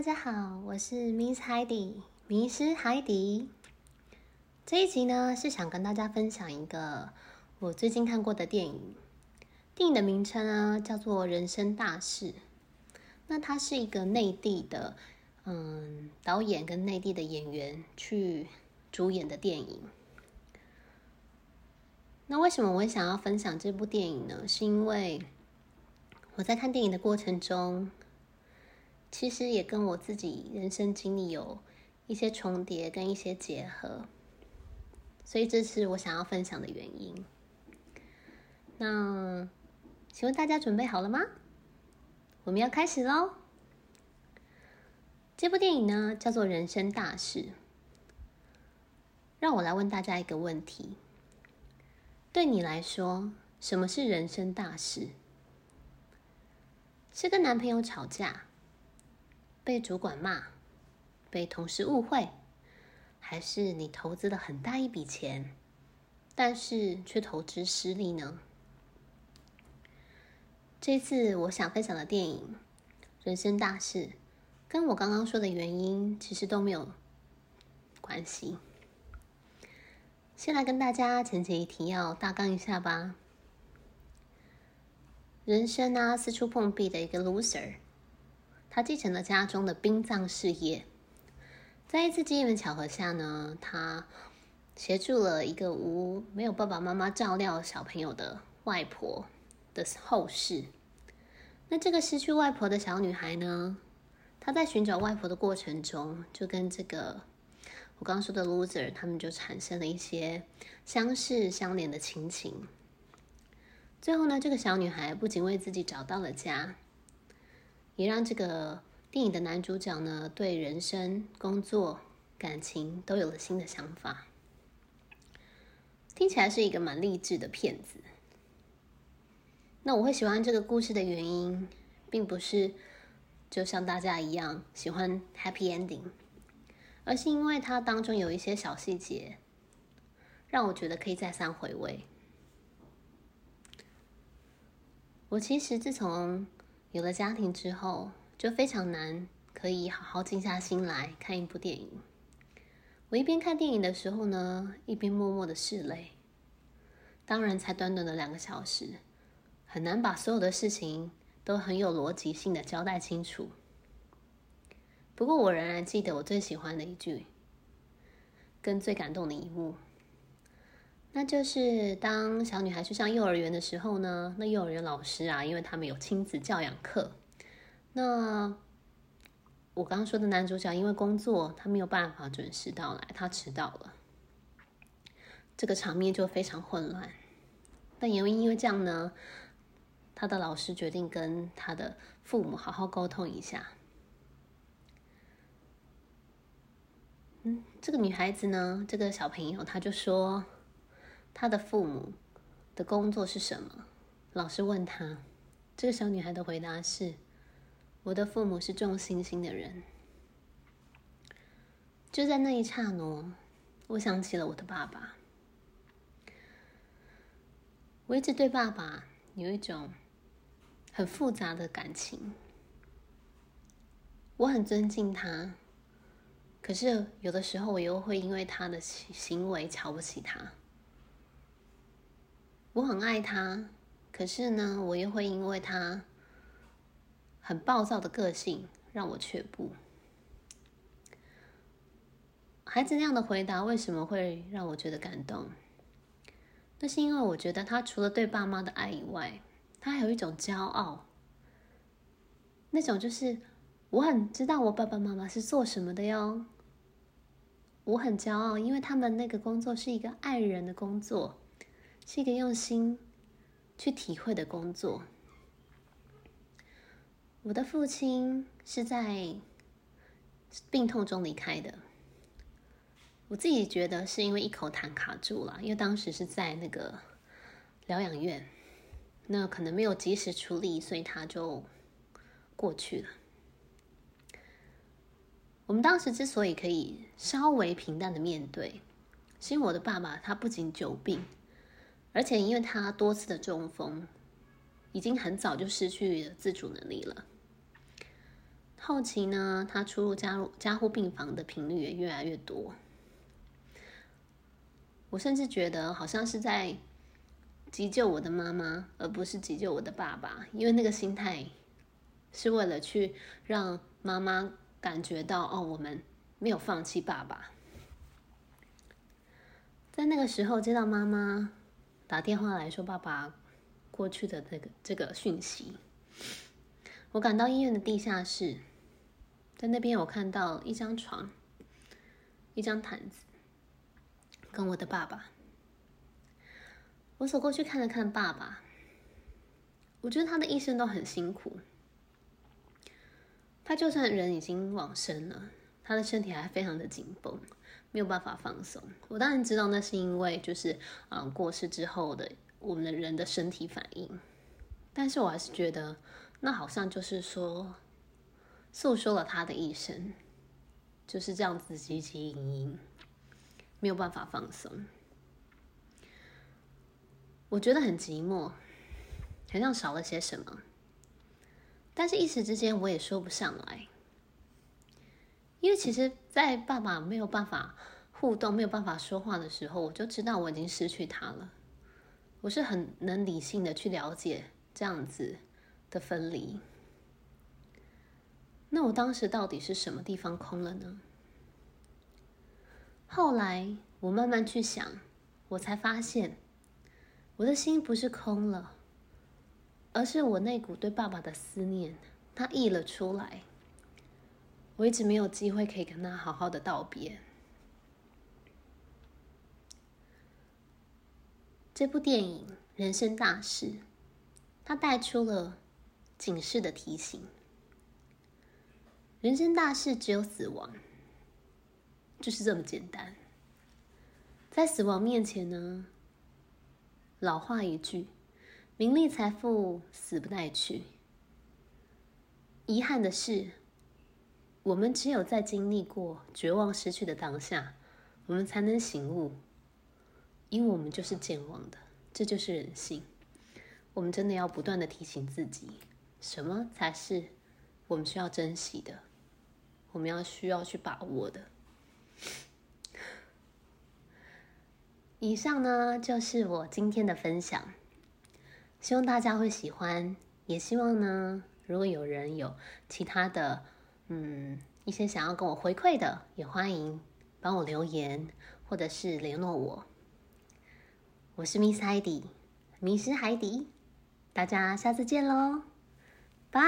大家好，我是 Miss Heidi，迷失海迪。這一集呢，是想跟大家分享一個我最近看過的電影。電影的名稱呢、啊，叫做《人生大事》。那它是一個內地的，嗯，導演跟內地的演員去主演的電影。那為什麼我想要分享這部電影呢？是因為我在看電影的過程中。其實也跟我自己人生經歷有一些重疊，跟一些結合，所以這是我想要分享的原因，那，那請問大家準備好了嗎？我們要開始嘍！這部電影呢，叫做《人生大事》。讓我來問大家一個問題：對你來說，什麼是人生大事？是跟男朋友吵架？被主管罵，被同事誤會，還是你投資了很大一筆錢，但是卻投資失利呢？這次我想分享的電影《人生大事》，跟我剛剛說的原因其實都沒有關係。先來跟大家前情提要、大綱一下吧。人生啊，四處碰壁的一個 loser。他繼承了家中的殯葬事業，在一次機緣巧合下呢，他協助了一個無沒有爸爸媽媽照料小朋友的外婆的後事。那這個失去外婆的小女孩呢，她在尋找外婆的過程中，就跟這個我剛剛說的 Loser 他們就產生了一些相識相憐的親情，最後呢，這個小女孩不僅為自己找到了家。也讓這個電影的男主角呢，對人生、工作、感情都有了新的想法。聽起來是一個蠻勵志的片子。那我會喜歡這個故事的原因，並不是就像大家一樣喜歡 happy ending，而是因為它當中有一些小細節，讓我覺得可以再三回味。我其實自從。有了家庭之後，就非常難可以好好靜下心來看一部電影。我一邊看電影的時候呢，一邊默默的拭淚。當然，才短短的兩個小時，很難把所有的事情都很有邏輯性的交代清楚。不過，我仍然記得我最喜歡的一句，跟最感動的一幕。那就是當小女孩去上幼兒園的時候呢，那幼兒園老師啊，因為他們有親子教養課。那我剛剛說的男主角，因為工作他沒有辦法準時到來，他遲到了，這個場面就非常混亂。但因為因為這樣呢，他的老師決定跟他的父母好好溝通一下。嗯，這個女孩子呢，這個小朋友，他就說。他的父母的工作是什麼？老師問他，這個小女孩的回答是：“我的父母是種星星的人。”就在那一剎那，我想起了我的爸爸。我一直對爸爸有一種很複雜的感情。我很尊敬他，可是有的時候我又會因為他的行為瞧不起他。我很愛他，可是呢，我又會因為他很暴躁的個性讓我卻步。孩子那樣的回答為什麼會讓我覺得感動？那是因為我覺得他除了對爸媽的愛以外，他還有一種驕傲，那種就是我很知道我爸爸媽媽是做什麼的喲，我很驕傲，因為他們那個工作是一個愛人的工作。是一個用心去體會的工作。我的父親是在病痛中離開的，我自己覺得是因為一口痰卡住了，因為當時是在那個療養院，那可能沒有及時處理，所以他就過去了。我們當時之所以可以稍微平淡的面對，是因為我的爸爸他不僅久病。而且，因為他多次的中風，已經很早就失去了自主能力了。後期呢，他出入加護加護病房的頻率也越來越多。我甚至覺得，好像是在急救我的媽媽，而不是急救我的爸爸。因為那個心態是為了去讓媽媽感覺到哦，我們沒有放棄爸爸。在那個時候，接到媽媽。打電話來說爸爸過去的這個這個訊息，我趕到醫院的地下室，在那邊我看到一張床，一張毯子，跟我的爸爸。我走過去看了看爸爸，我覺得他的一生都很辛苦，他就算人已經往生了，他的身體還非常的緊繃，沒有辦法放鬆。我當然知道那是因為就是嗯、呃、過世之後的我們的人的身體反應，但是我還是覺得那好像就是說訴說了他的一生就是這樣子，汲汲營營，沒有辦法放鬆。我覺得很寂寞，好像少了些什麼，但是一時之間我也說不上來。因為其實，在爸爸沒有辦法互動、沒有辦法說話的時候，我就知道我已經失去他了。我是很能理性的去了解這樣子的分離。那我當時到底是什麼地方空了呢？後來我慢慢去想，我才發現，我的心不是空了，而是我那股對爸爸的思念，它溢了出來。我一直沒有機會可以跟他好好的道別。這部電影《人生大事》，它帶出了警示的提醒：人生大事只有死亡，就是這麼簡單。在死亡面前呢，老話一句：名利財富死不帶去。遺憾的是。我們只有在經歷過絕望、失去的當下，我們才能醒悟，因為我們就是健忘的，這就是人性。我們真的要不斷的提醒自己，什麼才是我們需要珍惜的，我們要需要去把握的。 以上呢，就是我今天的分享，希望大家會喜歡，也希望呢，如果有人有其他的。嗯，一些想要跟我回饋的也歡迎幫我留言或者是聯絡我。我是 Miss Heidi，迷失海底，大家下次見嘍，拜。